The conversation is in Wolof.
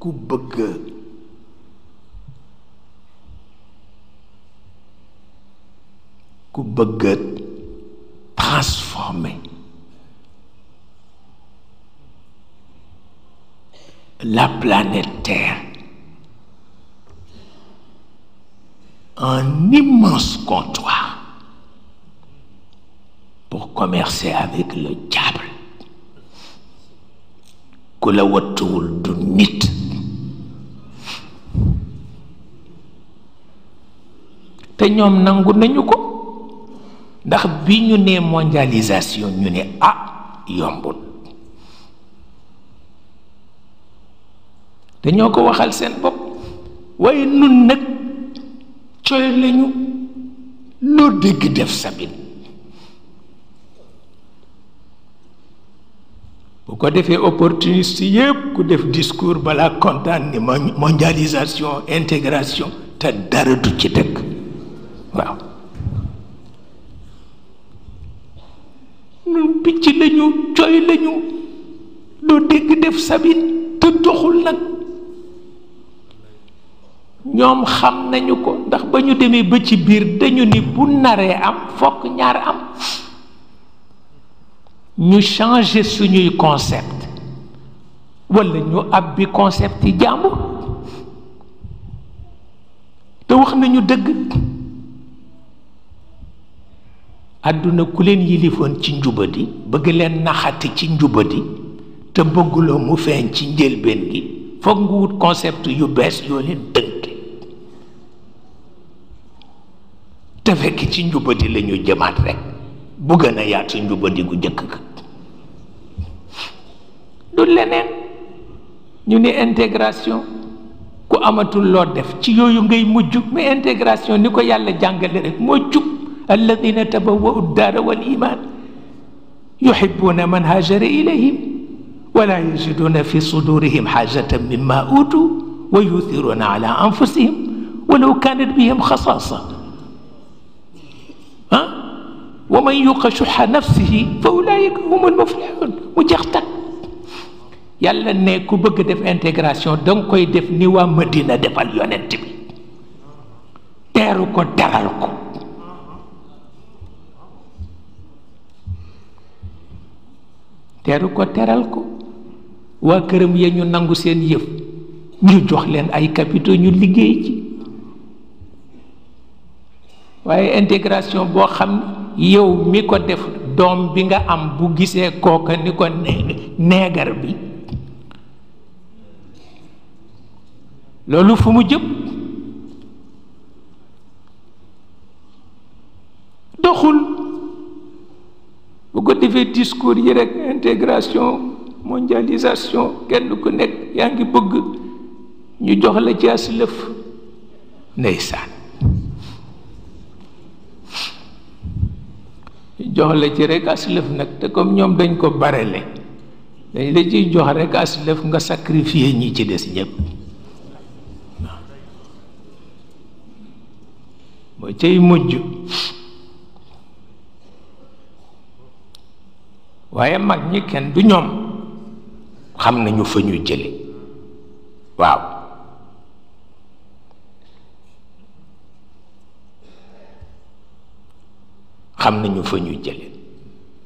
ku bëgg ku bëgg transformer la planète Terre en immense comptoir pour commercer avec le diable ku la wattuwul du te ñoom nangu nañu ko ndax bi ñu nee mondialisation ñu ne ah yombul te ñoo ko waxal seen bopp waaye nun nag coy lañu loo dégg def sabin bu ko defee opportuniste yépp ku def discours balaa kontaan ni mondialisation intégration te dara du ci dëkk picc lañu coy lañu loo dégg def sabit te doxul nag ñoom xam nañu ko ndax ba ñu demee ba ci biir dañu ni bu naree am fokk ñaar am ñu changer suñuy concept wala ñu abbi concept yi jàmbur te wax nañu dëgg àdduna ku leen yilifoon ci njubadi bëgg leen naxati ci njubadi te bëgguloo mu feeñ ci njëlbeen gi foog nga wut concept yu bees yoo leen tënke te fekk ci njubadi la ñu jëmaat rek bu gën a yaatu njubadi gu jëkk ka du leneen ñu ne intégration ku amatul loo def ci yooyu ngay mujj mais intégration ni ko yàlla jàngale rek moo الذين تبوأوا الدار والإيمان يحبون من هاجر إليهم ولا يجدون في صدورهم حاجة مما أوتوا ويؤثرون على أنفسهم ولو كانت بهم خصاصة ها؟ ومن يوق شح نفسه فأولئك هم المفلحون mu يلا نيكو yàlla ne ku bëgg def intégration danga koy def ni waa Madina defal teru ko teral ko waa këram ya ñu nangu seen yëf ñu jox leen ay capitaux ñu liggéey ci waaye intégration boo xam yow mi ko def doom bi nga am bu gisee kooka ni ko neegar bi loolu fu mu jëm doxul bu ko defee discours yi rek intégration mondialisation kenn ku nekk yaa ngi bëgg ñu jox la jaas lëf ndeysaan ñu jox la ci rek as nag te comme ñoom dañ ko barele dañ la ciy jox rek as nga sacrifier ñi ci des ñëpp moo cay mujj waaye mag ñi kenn du ñoom xam nañu fa ñu jële waaw xam nañu fa ñu